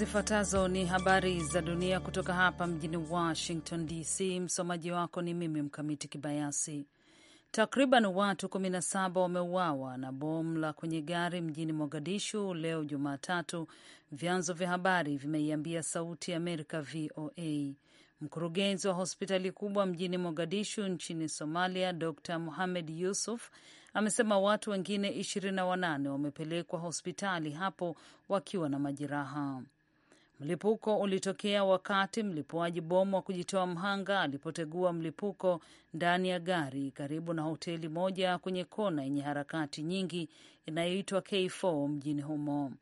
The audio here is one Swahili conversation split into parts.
Zifuatazo ni habari za dunia kutoka hapa mjini Washington DC. Msomaji wako ni mimi Mkamiti Kibayasi. Takriban watu 17 wameuawa na bomu la kwenye gari mjini Mogadishu leo Jumatatu, vyanzo vya habari vimeiambia Sauti ya Amerika VOA. Mkurugenzi wa hospitali kubwa mjini Mogadishu nchini Somalia, Dr muhamed Yusuf amesema watu wengine 28 wamepelekwa hospitali hapo wakiwa na majeraha. Mlipuko ulitokea wakati mlipuaji bomu wa kujitoa mhanga alipotegua mlipuko ndani ya gari karibu na hoteli moja kwenye kona yenye harakati nyingi inayoitwa K4 mjini humo.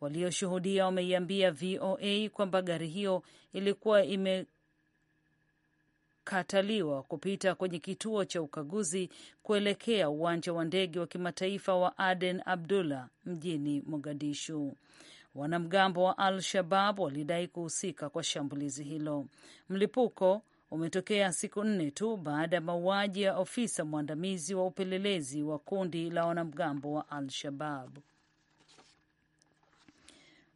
Walioshuhudia wameiambia VOA kwamba gari hiyo ilikuwa imekataliwa kupita kwenye kituo cha ukaguzi kuelekea uwanja wa ndege wa kimataifa wa Aden Abdullah mjini Mogadishu. Wanamgambo wa Al-Shabab walidai kuhusika kwa shambulizi hilo. Mlipuko umetokea siku nne tu baada ya mauaji ya ofisa mwandamizi wa upelelezi wa kundi la wanamgambo wa Al-Shabab.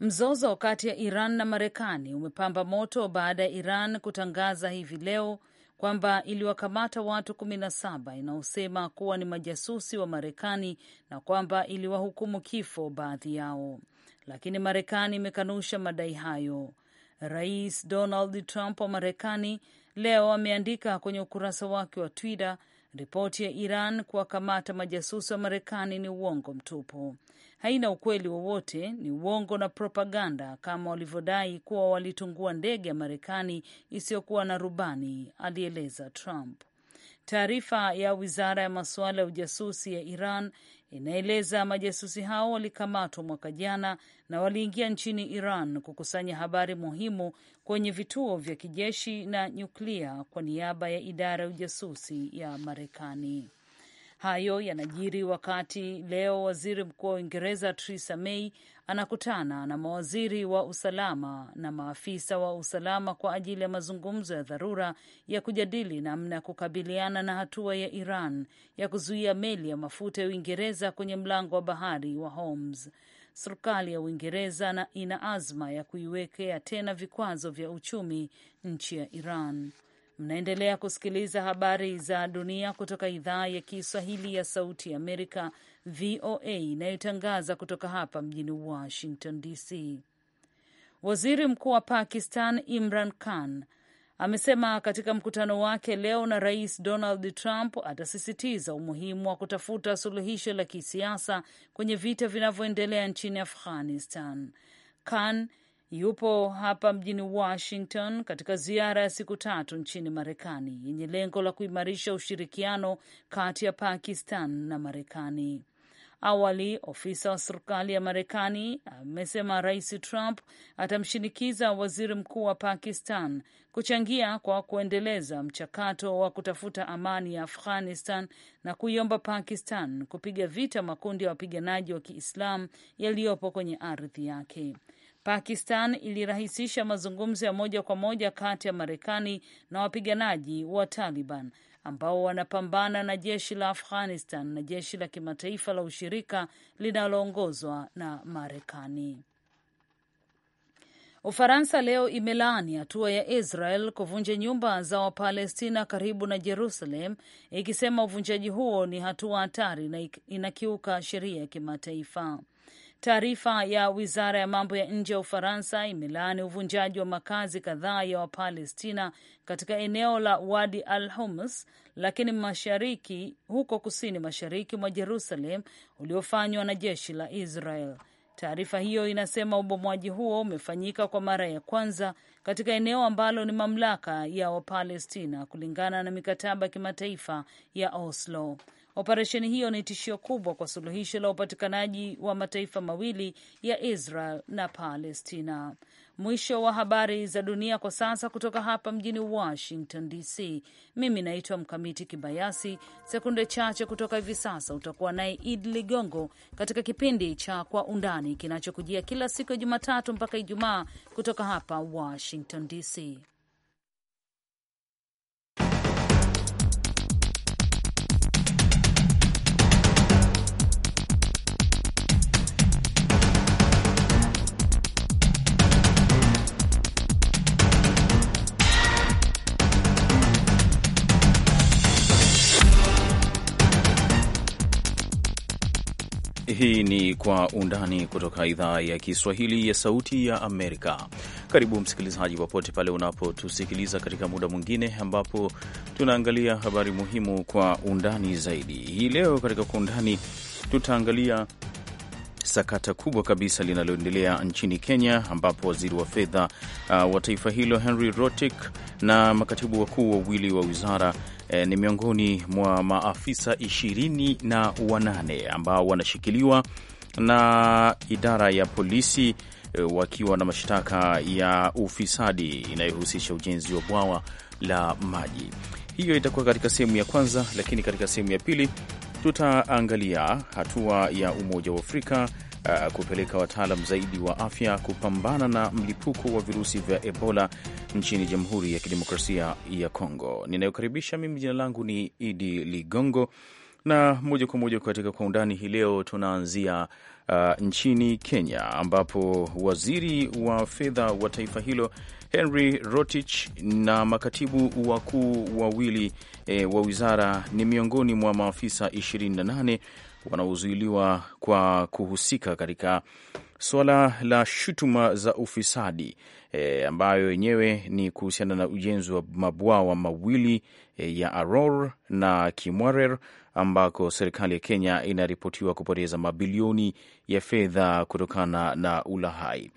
Mzozo kati ya Iran na Marekani umepamba moto baada ya Iran kutangaza hivi leo kwamba iliwakamata watu kumi na saba inaosema kuwa ni majasusi wa Marekani na kwamba iliwahukumu kifo baadhi yao lakini Marekani imekanusha madai hayo. Rais Donald Trump wa Marekani leo ameandika kwenye ukurasa wake wa Twitter ripoti ya Iran kuwakamata majasusi wa Marekani ni uongo mtupu, haina ukweli wowote, ni uongo na propaganda, kama walivyodai kuwa walitungua ndege ya Marekani isiyokuwa na rubani, alieleza Trump. Taarifa ya wizara ya masuala ya ujasusi ya Iran inaeleza majasusi hao walikamatwa mwaka jana na waliingia nchini Iran kukusanya habari muhimu kwenye vituo vya kijeshi na nyuklia kwa niaba ya idara ya ujasusi ya Marekani. Hayo yanajiri wakati leo waziri mkuu wa Uingereza Theresa May anakutana na mawaziri wa usalama na maafisa wa usalama kwa ajili ya mazungumzo ya dharura ya kujadili namna ya kukabiliana na hatua ya Iran ya kuzuia meli ya mafuta ya Uingereza kwenye mlango wa bahari wa Hormuz. Serikali ya Uingereza ina azma ya kuiwekea tena vikwazo vya uchumi nchi ya Iran. Mnaendelea kusikiliza habari za dunia kutoka idhaa ya Kiswahili ya Sauti ya Amerika, VOA, inayotangaza kutoka hapa mjini Washington DC. Waziri Mkuu wa Pakistan Imran Khan amesema katika mkutano wake leo na Rais Donald Trump atasisitiza umuhimu wa kutafuta suluhisho la kisiasa kwenye vita vinavyoendelea nchini Afghanistan. Khan yupo hapa mjini Washington katika ziara ya siku tatu nchini Marekani yenye lengo la kuimarisha ushirikiano kati ya Pakistan na Marekani. Awali ofisa wa serikali ya Marekani amesema Rais Trump atamshinikiza waziri mkuu wa Pakistan kuchangia kwa kuendeleza mchakato wa kutafuta amani ya Afghanistan na kuiomba Pakistan kupiga vita makundi ya wapiganaji wa Kiislamu yaliyopo kwenye ardhi yake. Pakistan ilirahisisha mazungumzo ya moja kwa moja kati ya Marekani na wapiganaji wa Taliban ambao wanapambana na jeshi la Afghanistan na jeshi la kimataifa la ushirika linaloongozwa na Marekani. Ufaransa leo imelaani hatua ya Israel kuvunja nyumba za Wapalestina karibu na Jerusalem, ikisema uvunjaji huo ni hatua hatari na inakiuka sheria ya kimataifa. Taarifa ya wizara ya mambo ya nje ya Ufaransa imelaani uvunjaji wa makazi kadhaa ya Wapalestina katika eneo la Wadi al Humus, lakini mashariki huko kusini mashariki mwa Jerusalem, uliofanywa na jeshi la Israel. Taarifa hiyo inasema ubomwaji huo umefanyika kwa mara ya kwanza katika eneo ambalo ni mamlaka ya Wapalestina kulingana na mikataba ya kimataifa ya Oslo. Operesheni hiyo ni tishio kubwa kwa suluhisho la upatikanaji wa mataifa mawili ya Israel na Palestina. Mwisho wa habari za dunia kwa sasa, kutoka hapa mjini Washington DC. Mimi naitwa Mkamiti Kibayasi. Sekunde chache kutoka hivi sasa utakuwa naye Id Ligongo katika kipindi cha Kwa Undani kinachokujia kila siku ya Jumatatu mpaka Ijumaa kutoka hapa Washington DC. Hii ni Kwa Undani kutoka idhaa ya Kiswahili ya Sauti ya Amerika. Karibu msikilizaji, popote pale unapotusikiliza katika muda mwingine ambapo tunaangalia habari muhimu kwa undani zaidi. Hii leo katika Kwa Undani tutaangalia sakata kubwa kabisa linaloendelea nchini Kenya, ambapo waziri wa fedha uh, wa taifa hilo Henry Rotich na makatibu wakuu wawili wa wizara eh, ni miongoni mwa maafisa ishirini na wanane ambao wanashikiliwa na idara ya polisi eh, wakiwa na mashtaka ya ufisadi inayohusisha ujenzi wa bwawa la maji. Hiyo itakuwa katika sehemu ya kwanza, lakini katika sehemu ya pili tutaangalia hatua ya Umoja wa Afrika uh, kupeleka wataalam zaidi wa afya kupambana na mlipuko wa virusi vya Ebola nchini Jamhuri ya Kidemokrasia ya Kongo. Ninayokaribisha mimi, jina langu ni Idi Ligongo, na moja kwa moja katika Kwa Undani hii leo tunaanzia uh, nchini Kenya ambapo waziri wa fedha wa taifa hilo Henry Rotich na makatibu wakuu wawili e, wa wizara ni miongoni mwa maafisa 28 wanaozuiliwa kwa kuhusika katika suala la shutuma za ufisadi e, ambayo yenyewe ni kuhusiana na ujenzi wa mabwawa mawili e, ya Aror na Kimwarer ambako serikali ya Kenya inaripotiwa kupoteza mabilioni ya fedha kutokana na ulahai.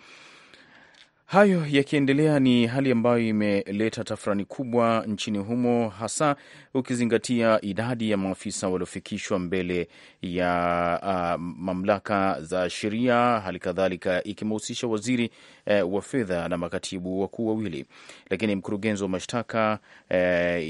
Hayo yakiendelea ni hali ambayo imeleta tafurani kubwa nchini humo, hasa ukizingatia idadi ya maafisa waliofikishwa mbele ya uh, mamlaka za sheria, hali kadhalika ikimehusisha waziri uh, wa fedha na makatibu wakuu wawili. Lakini mkurugenzi wa mashtaka uh,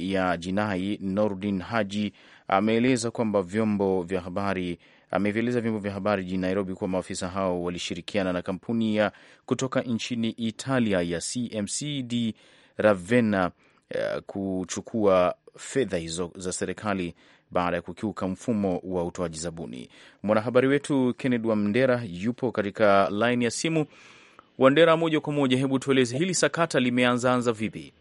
ya jinai Nordin Haji ameeleza kwamba vyombo vya habari amevieleza vyombo vya habari jijini Nairobi kuwa maafisa hao walishirikiana na kampuni ya kutoka nchini Italia ya CMCD Ravenna eh, kuchukua fedha hizo za serikali baada ya kukiuka mfumo wa utoaji zabuni. Mwanahabari wetu Kenneth wamndera yupo katika laini ya simu. Wandera, moja kwa moja, hebu tueleze hili sakata limeanzaanza vipi?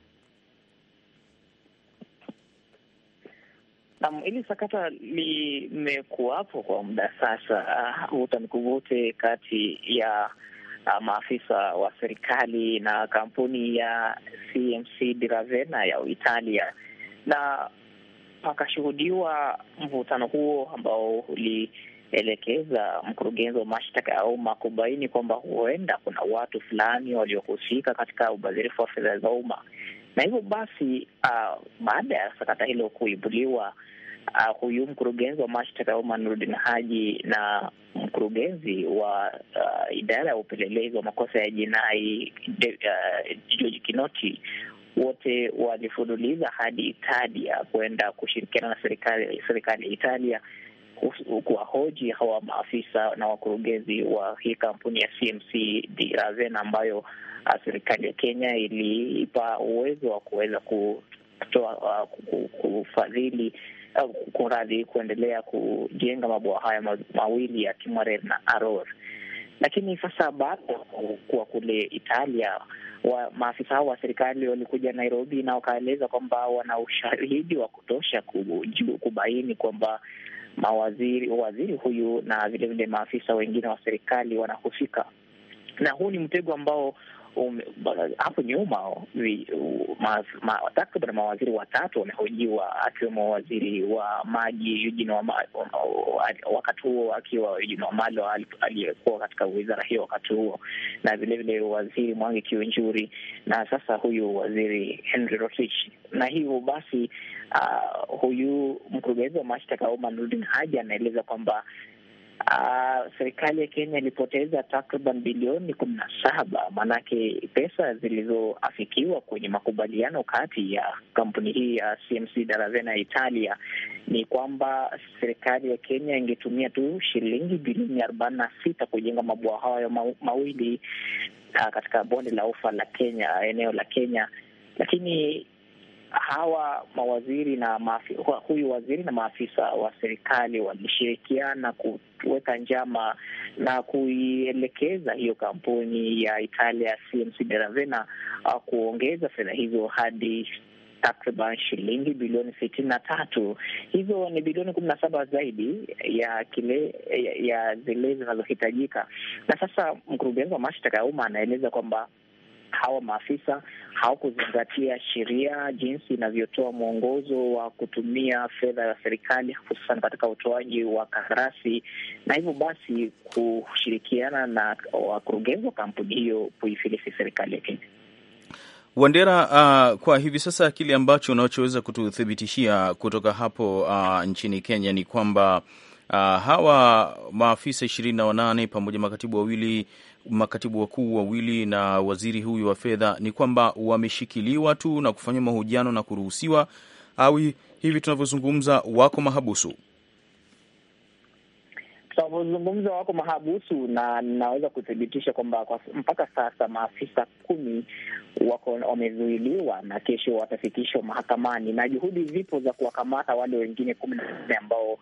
Naam, hili sakata limekuwapo kwa muda sasa, vuta uh, kuvute kati ya uh, maafisa wa serikali na kampuni ya CMC Di Ravenna ya Italia, na pakashuhudiwa mvutano huo ambao ulielekeza mkurugenzi wa mashtaka ya umma kubaini kwamba huenda kuna watu fulani waliohusika katika ubadhirifu wa fedha za umma na hivyo basi uh, baada ya sakata hilo kuibuliwa uh, huyu mkurugenzi wa mashtaka ya umma Nuruddin Haji na mkurugenzi wa uh, idara ya upelelezi wa makosa ya jinai uh, Kinoti wote walifululiza hadi Italia kwenda kushirikiana na serikali serikali ya Italia kuwahoji hawa maafisa na wakurugenzi wa hii kampuni ya CMC di ambayo Uh, serikali ya Kenya iliipa uwezo wa kuweza kutoa uh, kufadhili uh, kuradhi kuendelea kujenga mabwawa haya mawili ya Kimwarer na Aror. Lakini sasa baada ya kuwa kule Italia, wa maafisa hao wa serikali walikuja Nairobi na wakaeleza kwamba wana ushahidi wa kutosha kubaini kwamba mawaziri waziri huyu na vilevile maafisa wengine wa serikali wanahusika na huu ni mtego ambao hapo nyuma takriban mawaziri watatu wamehojiwa, akiwemo waziri wa maji Eugene wakati huo akiwa Eugene Wamalwa aliyekuwa katika wizara hiyo wakati huo, na vilevile waziri Mwangi Kiunjuri na sasa huyu waziri Henry Rotich. Na hivyo basi, uh, huyu mkurugenzi wa mashtaka Oman Rudin Haji anaeleza kwamba Ah, serikali ya Kenya ilipoteza takriban bilioni kumi na saba, maanake pesa zilizoafikiwa kwenye makubaliano kati ya kampuni hii ya CMC Daravena Italia ni kwamba serikali ya Kenya ingetumia tu shilingi bilioni arobaini na sita kujenga mabwawa hayo mawili ah, katika bonde la ufa la Kenya, eneo la Kenya, lakini hawa mawaziri na maafi, huyu waziri na maafisa wa serikali walishirikiana kuweka njama na kuielekeza hiyo kampuni ya Italia CMC Deravena uh, kuongeza fedha hizo hadi takriban shilingi bilioni sitini na tatu. Hizo ni bilioni kumi na saba zaidi ya kile ya, ya zile zinazohitajika. Na sasa mkurugenzi wa mashtaka ya umma anaeleza kwamba hawa maafisa hawakuzingatia sheria jinsi inavyotoa mwongozo wa kutumia fedha ya serikali hususan katika utoaji wa kandarasi, na hivyo basi kushirikiana na wakurugenzi wa kampuni hiyo kuifilisi serikali ya Kenya. Wandera, uh, kwa hivi sasa kile ambacho unachoweza kututhibitishia kutoka hapo uh, nchini Kenya ni kwamba uh, hawa maafisa ishirini na wanane pamoja makatibu wawili makatibu wakuu wawili na waziri huyu wa fedha, ni kwamba wameshikiliwa tu na kufanya mahojiano na kuruhusiwa, au hivi tunavyozungumza wako mahabusu? Tunavyozungumza wako mahabusu, na ninaweza kuthibitisha kwamba mpaka sasa maafisa kumi wako wamezuiliwa na kesho watafikishwa mahakamani, na juhudi zipo za kuwakamata wale wengine kumi na nne ambao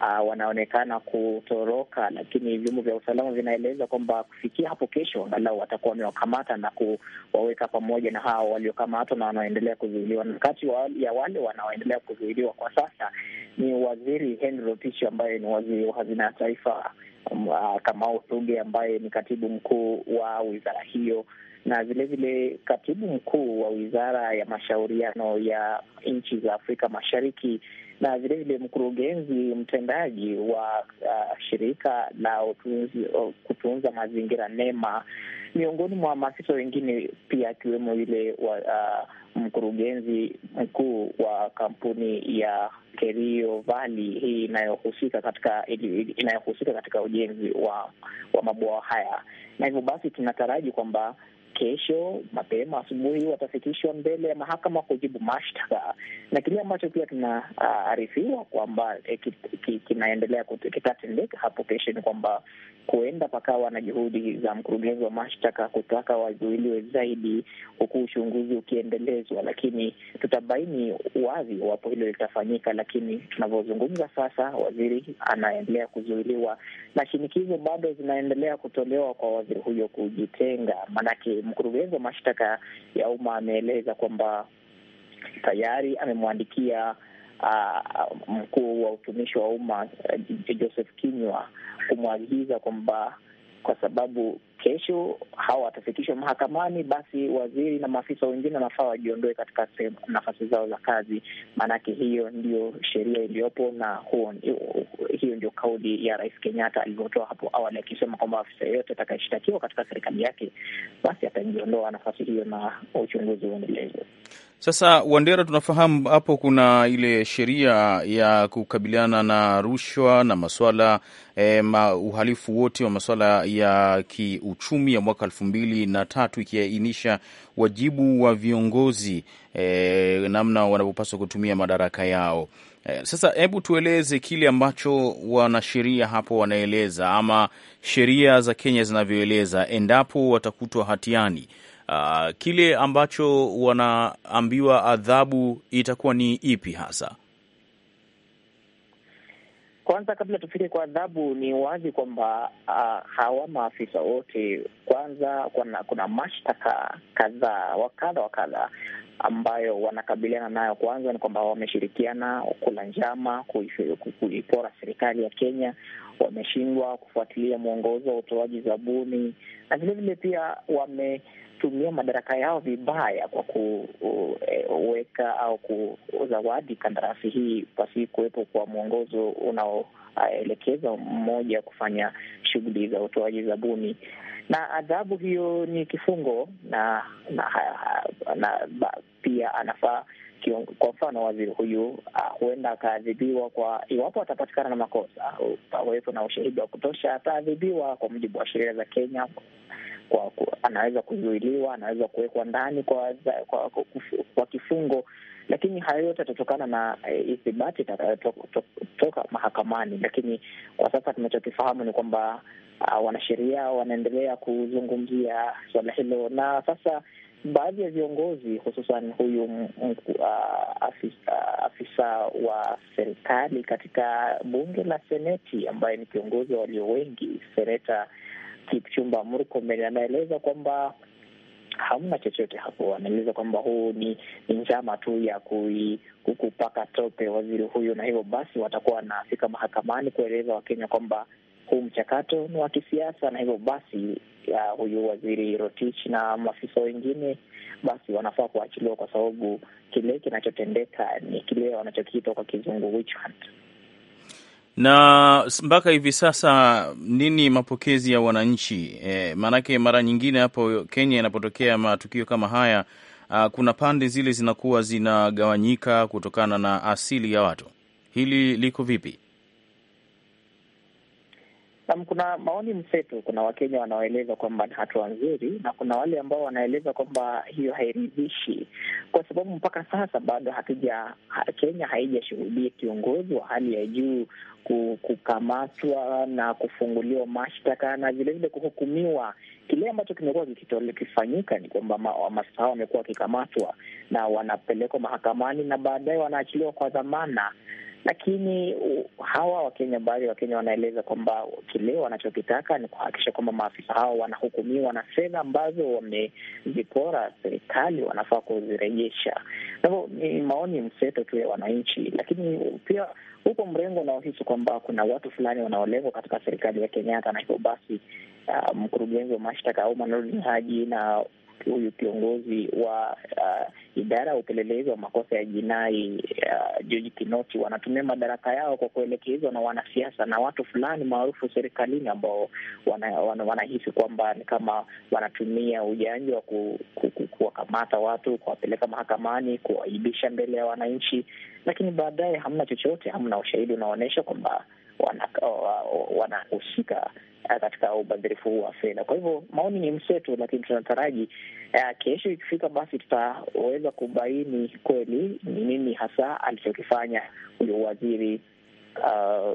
uh, wanaonekana kutoroka, lakini vyombo vya usalama vinaeleza kwamba kufikia hapo kesho angalau watakuwa wamewakamata na kuwaweka pamoja na hao waliokamatwa na wanaoendelea kuzuiliwa. Na kati ya wale wanaoendelea kuzuiliwa kwa sasa ni waziri Henry Rotich ambaye ni waziri wa hazina ya taifa, um, uh, Kamau Thuge ambaye ni katibu mkuu wa wizara hiyo na vilevile katibu mkuu wa wizara ya mashauriano ya nchi za Afrika Mashariki na vilevile mkurugenzi mtendaji wa uh, shirika la utunzi, uh, kutunza mazingira NEMA, miongoni mwa maafisa wengine pia akiwemo yule wa uh, mkurugenzi mkuu wa kampuni ya Kerio Valley hii inayohusika katika inayohusika katika ujenzi wa, wa mabwawa haya, na hivyo basi tunataraji kwamba kesho mapema asubuhi watafikishwa mbele ya mahakama kujibu mashtaka, na kile ambacho pia tunaarifiwa uh, kwamba eh, kinaendelea kitatendeka hapo kesho ni kwamba kuenda pakawa na juhudi za mkurugenzi wa mashtaka kutaka wazuiliwe zaidi, huku uchunguzi ukiendelezwa, lakini tutabaini wazi iwapo hilo litafanyika. Lakini tunavyozungumza sasa, waziri anaendelea kuzuiliwa na shinikizo bado zinaendelea kutolewa kwa waziri huyo kujitenga, maanake mkurugenzi wa mashtaka ya umma ameeleza kwamba tayari amemwandikia uh, mkuu wa utumishi wa umma uh, Joseph kinywa kumwagiza kwamba kwa sababu kesho hawa watafikishwa mahakamani, basi waziri na maafisa wengine wanafaa wajiondoe katika nafasi zao za kazi, maanake hiyo ndiyo sheria iliyopo, na huo, hiyo ndio kauli ya Rais Kenyatta alivyotoa hapo awali akisema kwamba afisa yeyote atakayeshtakiwa katika serikali yake basi atajiondoa nafasi hiyo na uchunguzi uendelezwe. Sasa Wandera, tunafahamu hapo kuna ile sheria ya kukabiliana na rushwa na maswala eh, ma, uhalifu wote wa maswala ya ki uchumi ya mwaka elfu mbili na tatu ikiainisha wajibu wa viongozi e, namna wanavyopaswa kutumia madaraka yao. E, sasa hebu tueleze kile ambacho wanasheria hapo wanaeleza ama sheria za Kenya zinavyoeleza endapo watakutwa hatiani. Uh, kile ambacho wanaambiwa adhabu itakuwa ni ipi hasa? Kwanza kabla tufike kwa adhabu, ni wazi kwamba uh, hawa maafisa wote kwanza, kuna, kuna mashtaka kadhaa wa kadha wa kadha ambayo wanakabiliana nayo. Kwanza ni kwamba wameshirikiana kula njama kuipora serikali ya Kenya wameshindwa kufuatilia mwongozo wa utoaji zabuni, na vilevile pia wametumia madaraka yao vibaya kwa kuweka au kuzawadi kandarasi hii pasi kuwepo kwa mwongozo unaoelekeza mmoja kufanya shughuli za utoaji zabuni na adhabu hiyo ni kifungo na, na, na, na ba, pia anafaa kion, kwa mfano waziri huyu uh, huenda akaadhibiwa kwa iwapo atapatikana na makosa, pawepo na ushahidi wa kutosha, ataadhibiwa kwa mujibu wa sheria za Kenya. Kwa, kwa, anaweza kuzuiliwa, anaweza kuwekwa ndani kwa, kwa, kwa, kwa kifungo, lakini hayo yote yatatokana na eh, ithibati itakayotoka mahakamani. Lakini kwa sasa tunachokifahamu ni kwamba uh, wanasheria wanaendelea kuzungumzia suala hilo na sasa baadhi ya viongozi hususan huyu uh, afisa, afisa wa serikali katika bunge la Seneti ambaye ni kiongozi wa walio wengi, seneta Kipchumba Murkomen anaeleza kwamba hamna chochote hapo. Anaeleza kwamba huu ni njama tu ya kui, kupaka tope waziri huyu, na hivyo basi watakuwa wanafika mahakamani kueleza Wakenya kwamba huu mchakato ni wa kisiasa, na hivyo basi ya huyu waziri Rotich na maafisa wengine basi wanafaa kuachiliwa kwa sababu kile kinachotendeka ni kile wanachokiita kwa kizungu witch hunt. Na mpaka hivi sasa nini mapokezi ya wananchi? E, maanake mara nyingine hapo Kenya inapotokea matukio kama haya a, ah, kuna pande zile zinakuwa zinagawanyika kutokana na asili ya watu. Hili liko vipi? Naam, kuna maoni mseto. Kuna Wakenya wanaoeleza kwamba ni hatua nzuri na kuna wale ambao wanaeleza kwamba hiyo hairidhishi, kwa sababu mpaka sasa bado hatuja, Kenya haijashuhudia kiongozi wa hali ya juu kukamatwa na kufunguliwa mashtaka na vilevile kuhukumiwa. Kile ambacho kimekuwa kikifanyika ni kwamba maafisa hao wamekuwa wakikamatwa na wanapelekwa mahakamani na baadaye wanaachiliwa kwa dhamana. Lakini hawa Wakenya, baadhi ya Wakenya wanaeleza kwamba kile wanachokitaka ni kuhakikisha kwamba maafisa hao wanahukumiwa na fedha ambazo wamezipora serikali wanafaa kuzirejesha. Kwa hivyo ni maoni mseto tu ya wananchi, lakini pia huko mrengo unaohisi kwamba kuna watu fulani wanaolengwa katika serikali ya Kenyatta na hivyo basi, uh, mkurugenzi wa mashtaka Oman Haji na huyu kiongozi wa uh, idara ya upelelezi wa makosa ya jinai uh, Kinoti wanatumia madaraka yao kwa kuelekezwa na wanasiasa na watu fulani maarufu serikalini ambao wanahisi wana, wana kwamba ni kama wanatumia ujanja wa kuwakamata ku, ku, watu kuwapeleka mahakamani kuwaibisha mbele ya wananchi, lakini baadaye hamna chochote, hamna ushahidi unaonyesha kwamba wanahusika eh, katika ubadhirifu huu wa fedha. Kwa hivyo maoni ni mseto, lakini tunataraji uh, kesho ikifika, basi tutaweza kubaini kweli ni nini hasa alichokifanya huyo waziri uh,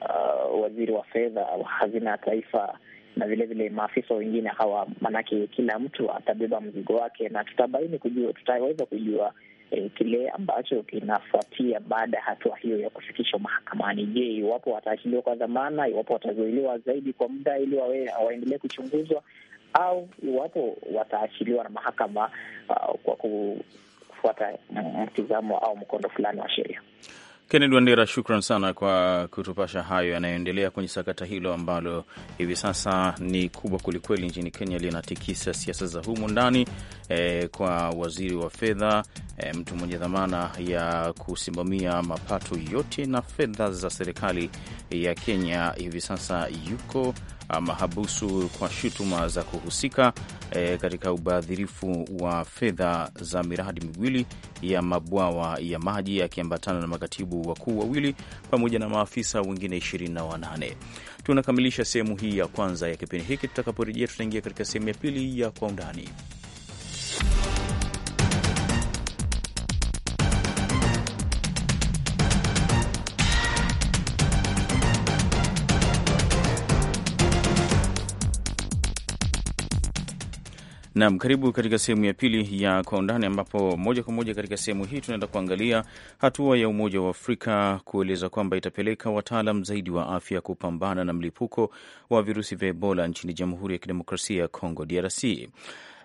uh, waziri wa fedha wa hazina ya taifa na vilevile maafisa wengine hawa, maanake kila mtu atabeba mzigo wake, na tutabaini kujua, tutaweza kujua eh, kile ambacho kinafuatia baada ya hatua hiyo ya kufikishwa mahakamani. Je, iwapo wataachiliwa kwa dhamana, iwapo watazuiliwa zaidi kwa muda ili waendelee kuchunguzwa, au iwapo wataachiliwa na mahakama uh, kwa kufuata mtizamo au mkondo fulani wa sheria. Kennedy Wandera, shukran sana kwa kutupasha hayo yanayoendelea kwenye sakata hilo ambalo hivi sasa ni kubwa kwelikweli nchini Kenya, linatikisa siasa za humu ndani eh, kwa waziri wa fedha eh, mtu mwenye dhamana ya kusimamia mapato yote na fedha za serikali ya Kenya hivi sasa yuko mahabusu kwa shutuma za kuhusika e, katika ubadhirifu wa fedha za miradi miwili ya mabwawa ya maji akiambatana na makatibu wakuu wawili pamoja na maafisa wengine 28. Tunakamilisha sehemu hii ya kwanza ya kipindi hiki. Tutakaporejea tutaingia katika sehemu ya pili ya Kwa Undani. Naam, karibu katika sehemu ya pili ya kwa undani, ambapo moja kwa moja katika sehemu hii tunaenda kuangalia hatua ya Umoja wa Afrika kueleza kwamba itapeleka wataalam zaidi wa afya kupambana na mlipuko wa virusi vya Ebola nchini Jamhuri ya Kidemokrasia ya Kongo, DRC.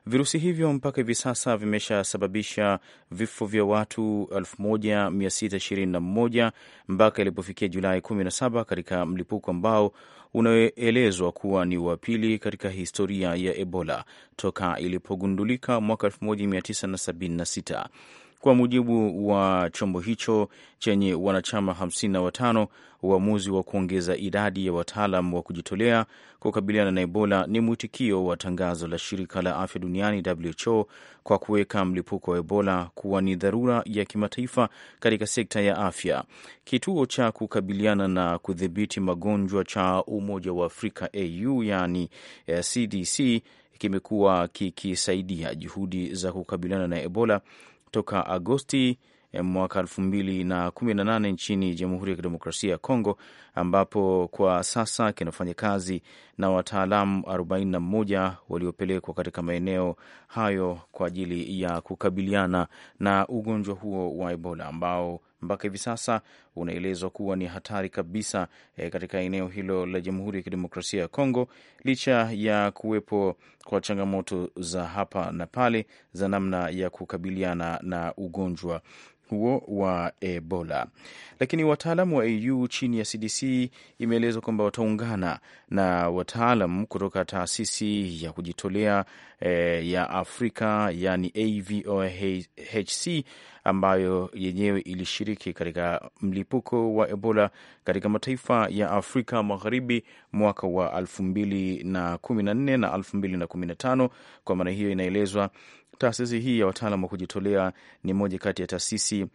Virusi hivyo mpaka hivi sasa vimeshasababisha vifo vya watu 1621 mpaka ilipofikia Julai 17 katika mlipuko ambao unaoelezwa kuwa ni wa pili katika historia ya Ebola toka ilipogundulika mwaka 1976. Kwa mujibu wa chombo hicho chenye wanachama 55, uamuzi wa kuongeza idadi ya wataalam wa kujitolea kukabiliana na Ebola ni mwitikio wa tangazo la shirika la afya duniani WHO kwa kuweka mlipuko wa Ebola kuwa ni dharura ya kimataifa katika sekta ya afya. Kituo cha kukabiliana na kudhibiti magonjwa cha Umoja wa Afrika AU, yani CDC eh, kimekuwa kikisaidia juhudi za kukabiliana na Ebola toka Agosti eh, mwaka nane nchini Jamhuri ya Kidemokrasia ya Kongo, ambapo kwa sasa kinafanya kazi na wataalamu 41 waliopelekwa katika maeneo hayo kwa ajili ya kukabiliana na ugonjwa huo wa Ebola ambao mpaka hivi sasa unaelezwa kuwa ni hatari kabisa e, katika eneo hilo la Jamhuri ya Kidemokrasia ya Kongo, licha ya kuwepo kwa changamoto za hapa na pale za namna ya kukabiliana na ugonjwa huo wa Ebola. Lakini wataalamu wa AU chini ya CDC imeelezwa kwamba wataungana na wataalam kutoka taasisi ya kujitolea eh, ya Afrika yani AVOHC ambayo yenyewe ilishiriki katika mlipuko wa Ebola katika mataifa ya Afrika Magharibi mwaka wa 2014 na 2015. Kwa maana hiyo, inaelezwa taasisi hii ya wataalam wa kujitolea ni moja kati ya taasisi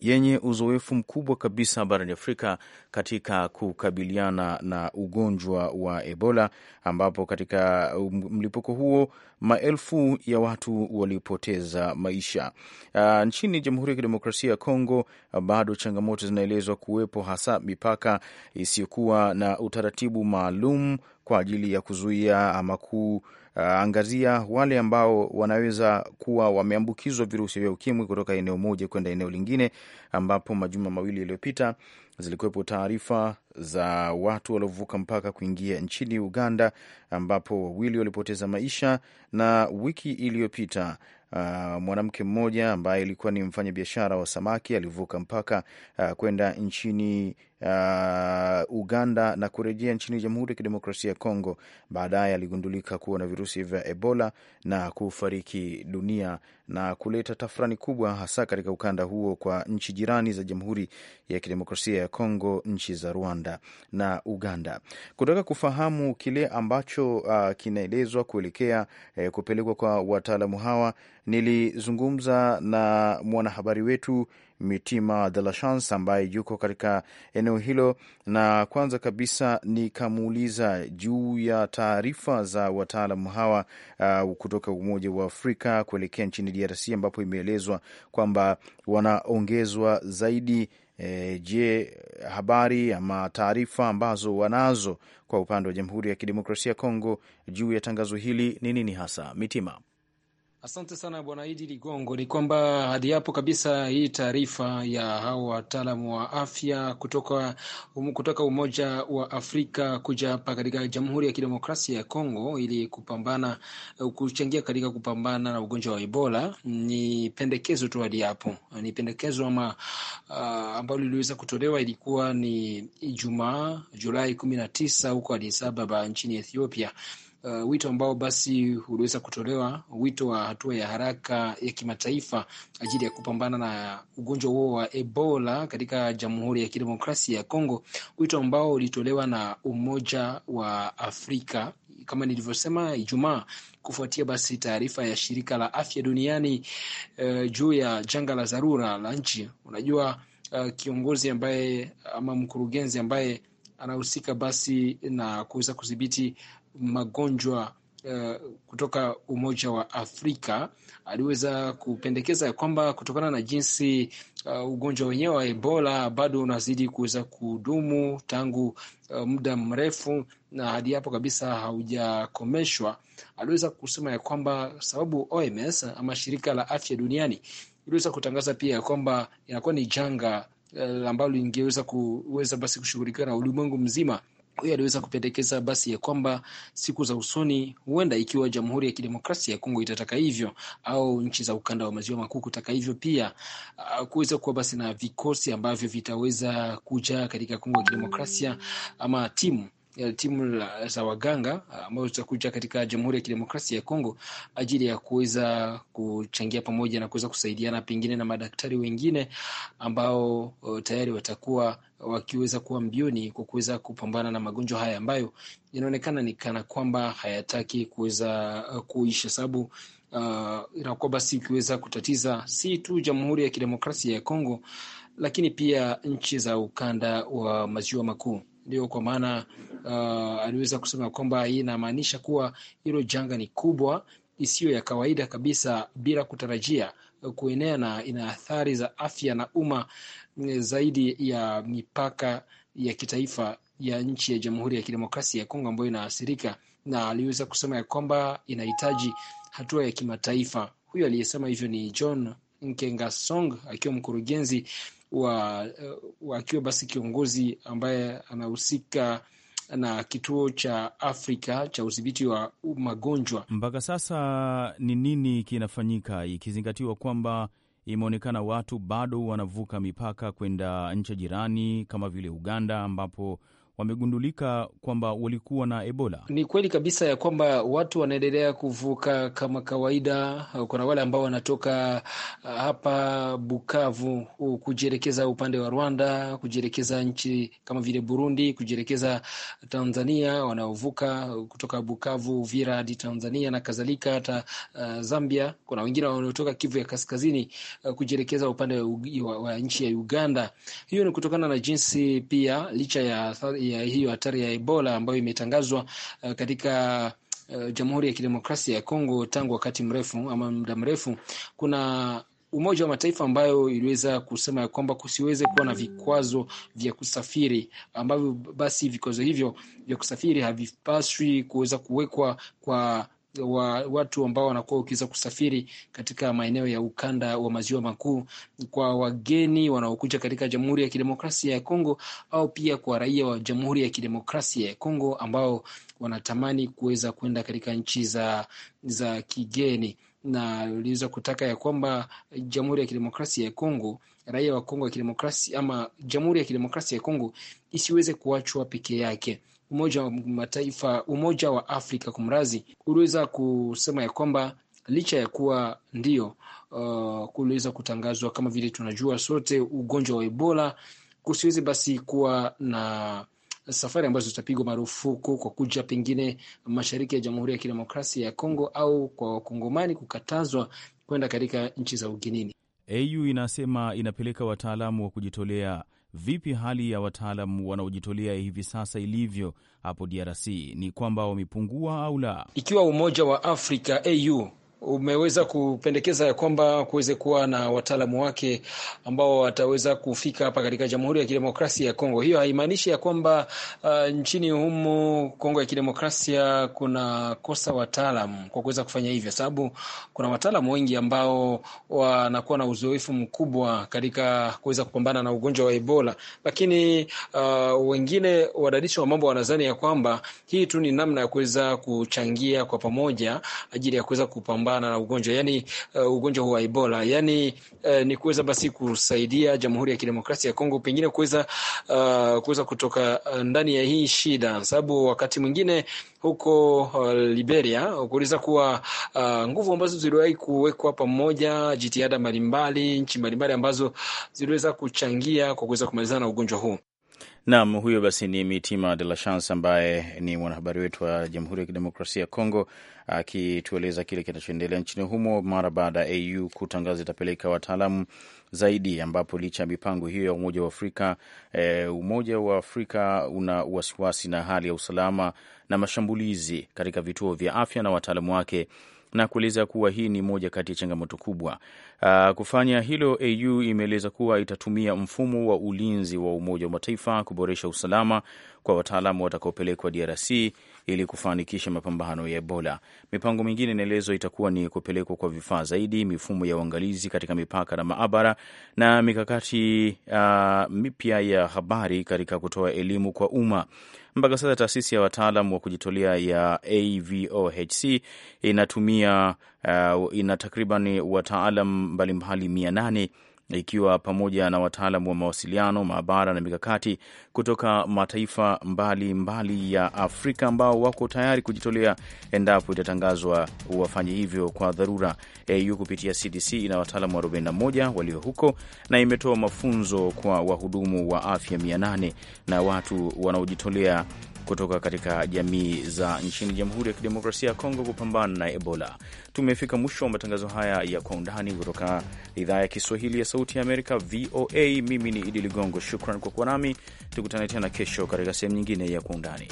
yenye uzoefu mkubwa kabisa barani Afrika katika kukabiliana na ugonjwa wa Ebola, ambapo katika um, mlipuko huo maelfu ya watu walipoteza maisha. Uh, nchini Jamhuri ya Kidemokrasia ya Kongo ah, bado changamoto zinaelezwa kuwepo, hasa mipaka isiyokuwa na utaratibu maalum kwa ajili ya kuzuia ama kuu uh, angazia wale ambao wanaweza kuwa wameambukizwa virusi vya ukimwi kutoka eneo moja kwenda eneo lingine, ambapo majuma mawili yaliyopita zilikuwepo taarifa za watu waliovuka mpaka kuingia nchini Uganda, ambapo wawili walipoteza maisha, na wiki iliyopita uh, mwanamke mmoja ambaye alikuwa ni mfanyabiashara wa samaki alivuka mpaka uh, kwenda nchini uh, Uganda na kurejea nchini Jamhuri ya Kidemokrasia ya Kongo. Baadaye aligundulika kuwa na virusi vya Ebola na kufariki dunia na kuleta tafrani kubwa, hasa katika ukanda huo kwa nchi jirani za Jamhuri ya Kidemokrasia ya Kongo, nchi za Rwanda na Uganda. Kutaka kufahamu kile ambacho uh, kinaelezwa kuelekea eh, kupelekwa kwa wataalamu hawa, nilizungumza na mwanahabari wetu Mitima de la Chance ambaye yuko katika eneo hilo, na kwanza kabisa nikamuuliza juu ya taarifa za wataalamu hawa uh, kutoka Umoja wa Afrika kuelekea nchini DRC ambapo imeelezwa kwamba wanaongezwa zaidi. E, je, habari ama taarifa ambazo wanazo kwa upande wa Jamhuri ya Kidemokrasia ya Kongo juu ya tangazo hili ni nini hasa, Mitima? Asante sana Bwana Idi Ligongo. Ni kwamba hadi hapo kabisa hii taarifa ya hao wataalamu wa afya kutoka, um, kutoka Umoja wa Afrika kuja hapa katika Jamhuri ya Kidemokrasia ya Kongo ili kupambana uh, kuchangia katika kupambana na ugonjwa wa Ebola ni pendekezo tu, hadi hapo ni pendekezo ama, uh, ambalo liliweza kutolewa ilikuwa ni Ijumaa Julai kumi na tisa huko hadi sababa nchini Ethiopia uh, wito ambao basi uliweza kutolewa, wito wa hatua ya haraka ya kimataifa ajili ya kupambana na ugonjwa huo wa Ebola katika Jamhuri ya Kidemokrasia ya Kongo, wito ambao ulitolewa na Umoja wa Afrika kama nilivyosema Ijumaa, kufuatia basi taarifa ya shirika la afya duniani uh, juu ya janga la dharura la nchi. Unajua uh, kiongozi ambaye ama mkurugenzi ambaye anahusika basi na kuweza kudhibiti magonjwa uh, kutoka Umoja wa Afrika aliweza kupendekeza ya kwamba kutokana na jinsi uh, ugonjwa wenyewe wa Ebola bado unazidi kuweza kudumu tangu uh, muda mrefu na hadi hapo kabisa haujakomeshwa, aliweza kusema ya kwamba sababu OMS ama shirika la afya duniani iliweza kutangaza pia ya kwamba inakuwa ni janga ambalo lingeweza kuweza basi kushughulikiwa na ulimwengu mzima huyo aliweza kupendekeza basi ya kwamba siku za usoni huenda ikiwa Jamhuri ya Kidemokrasia ya Kongo itataka hivyo au nchi za ukanda wa maziwa makuu kutaka hivyo pia, uh, kuweza kuwa basi na vikosi ambavyo vitaweza kuja katika Kongo ya Kidemokrasia ama timu Eh, timu za waganga eh, ambazo zitakuja katika Jamhuri ya Kidemokrasia ya Kongo ajili ya kuweza kuchangia pamoja na kuweza kusaidiana pengine na madaktari wengine ambao eh, tayari watakuwa wakiweza kuwa mbioni kwa kuweza kupambana na magonjwa haya ambayo inaonekana ni kana kwamba hayataki kuweza kuisha, sababu uh, inakuwa basi ukiweza kutatiza si tu Jamhuri ya Kidemokrasia ya Kongo, lakini pia nchi za ukanda wa maziwa makuu. Ndio kwa maana uh, aliweza kusema kwamba hii inamaanisha kuwa hilo janga ni kubwa isiyo ya kawaida kabisa, bila kutarajia kuenea, na ina athari za afya na umma mm, zaidi ya mipaka ya kitaifa ya nchi ya Jamhuri ya Kidemokrasia ya Kongo ambayo inaathirika, na aliweza kusema ya kwamba inahitaji hatua ya kimataifa. Huyo aliyesema hivyo ni John Nkengasong akiwa mkurugenzi wa eh, wakiwa basi kiongozi ambaye anahusika na kituo cha Afrika cha udhibiti wa magonjwa. Mpaka sasa ni nini kinafanyika, ikizingatiwa kwamba imeonekana watu bado wanavuka mipaka kwenda nchi jirani kama vile Uganda, ambapo wamegundulika kwamba walikuwa na Ebola. Ni kweli kabisa ya kwamba watu wanaendelea kuvuka kama kawaida. Kuna wale ambao wanatoka uh, hapa Bukavu uh, kujielekeza upande wa Rwanda, kujielekeza nchi kama vile Burundi, kujielekeza Tanzania, wanaovuka kutoka Bukavu, Uvira hadi Tanzania na kadhalika, hata uh, Zambia. Kuna wengine wanaotoka Kivu ya Kaskazini uh, kujielekeza upande wa, wa, wa nchi ya Uganda. Hiyo ni kutokana na jinsi pia licha ya ya hiyo hatari ya Ebola ambayo imetangazwa uh, katika uh, Jamhuri ya Kidemokrasia ya Kongo tangu wakati mrefu ama muda mrefu. Kuna Umoja wa Mataifa ambayo iliweza kusema ya kwamba kusiweze kuwa na vikwazo vya kusafiri, ambavyo basi vikwazo hivyo vya kusafiri havipaswi kuweza kuwekwa kwa wa watu ambao wanakuwa wakiweza kusafiri katika maeneo ya ukanda wa maziwa makuu, kwa wageni wanaokuja katika Jamhuri ya Kidemokrasia ya Kongo au pia kwa raia wa Jamhuri ya Kidemokrasia ya Kongo ambao wanatamani kuweza kwenda katika nchi za, za kigeni na liweza kutaka ya kwamba Jamhuri ya Kidemokrasia ya Kongo, raia wa Kongo ya Kidemokrasia ama Jamhuri ya Kidemokrasia ya Kongo isiweze kuachwa peke yake. Umoja wa Mataifa, Umoja wa Afrika kumrazi, uliweza kusema ya kwamba licha ya kuwa ndio uh, kuliweza kutangazwa kama vile tunajua sote ugonjwa wa Ebola, kusiwezi basi kuwa na safari ambazo zitapigwa marufuku kwa kuja pengine mashariki ya Jamhuri ya Kidemokrasia ya Kongo au kwa wakongomani kukatazwa kwenda katika nchi za ugenini. AU inasema inapeleka wataalamu wa kujitolea Vipi hali ya wataalam wanaojitolea hivi sasa ilivyo hapo DRC? Ni kwamba wamepungua au la? Ikiwa Umoja wa Afrika au umeweza kupendekeza ya kwamba kuweze kuwa na wataalamu wake ambao wataweza kufika hapa katika Jamhuri ya Kidemokrasia ya Kongo. Hiyo haimaanishi ya kwamba uh, nchini humo Kongo ya Kidemokrasia kuna kosa wataalam kwa kuweza kufanya hivyo, sababu kuna wataalamu wengi ambao wanakuwa na uzoefu mkubwa katika kuweza kupambana na ugonjwa wa Ebola, lakini uh, wengine wadadisi wa mambo wanazani ya kwamba hii tu ni namna ya kuweza kuchangia kwa pamoja ajili ya kuweza kupambana kupambana na ugonjwa yani, uh, ugonjwa huu wa Ebola yani, uh, ni kuweza basi kusaidia Jamhuri ya Kidemokrasia ya Kongo pengine kuweza uh, kuweza kutoka uh, ndani ya hii shida, sababu wakati mwingine huko uh, Liberia kuuliza kuwa uh, nguvu ambazo ziliwahi kuwekwa pamoja, jitihada mbalimbali, nchi mbalimbali ambazo ziliweza kuchangia kwa kuweza kumalizana na ugonjwa huu. Naam, huyo basi ni Mitima de la Chance ambaye ni mwanahabari wetu wa Jamhuri ya Kidemokrasia ya Kongo akitueleza kile kinachoendelea nchini humo mara baada ya AU kutangaza itapeleka wataalamu zaidi, ambapo licha ya mipango hiyo ya Umoja wa Afrika e, Umoja wa Afrika una wasiwasi na hali ya usalama na mashambulizi katika vituo vya afya na wataalamu wake na kueleza kuwa hii ni moja kati ya changamoto kubwa. Uh, kufanya hilo, AU imeeleza kuwa itatumia mfumo wa ulinzi wa Umoja wa Mataifa kuboresha usalama kwa wataalamu watakaopelekwa DRC ili kufanikisha mapambano ya Ebola. Mipango mingine inaelezwa itakuwa ni kupelekwa kwa vifaa zaidi, mifumo ya uangalizi katika mipaka na maabara, na mikakati uh, mipya ya habari katika kutoa elimu kwa umma. Mpaka sasa taasisi ya wataalam wa kujitolea ya AVOHC inatumia uh, ina takriban wataalam mbalimbali mia nane ikiwa pamoja na wataalamu wa mawasiliano, maabara na mikakati kutoka mataifa mbalimbali mbali ya Afrika ambao wako tayari kujitolea endapo itatangazwa wafanye hivyo kwa dharura. AU kupitia CDC ina wataalamu 41 walio huko na imetoa mafunzo kwa wahudumu wa afya 800 na watu wanaojitolea kutoka katika jamii za nchini Jamhuri ya Kidemokrasia ya Kongo kupambana na Ebola. Tumefika mwisho wa matangazo haya ya Kwa Undani kutoka idhaa ya Kiswahili ya Sauti ya Amerika, VOA. Mimi ni Idi Ligongo, shukran kwa kuwa nami. Tukutane tena kesho katika sehemu nyingine ya Kwa Undani.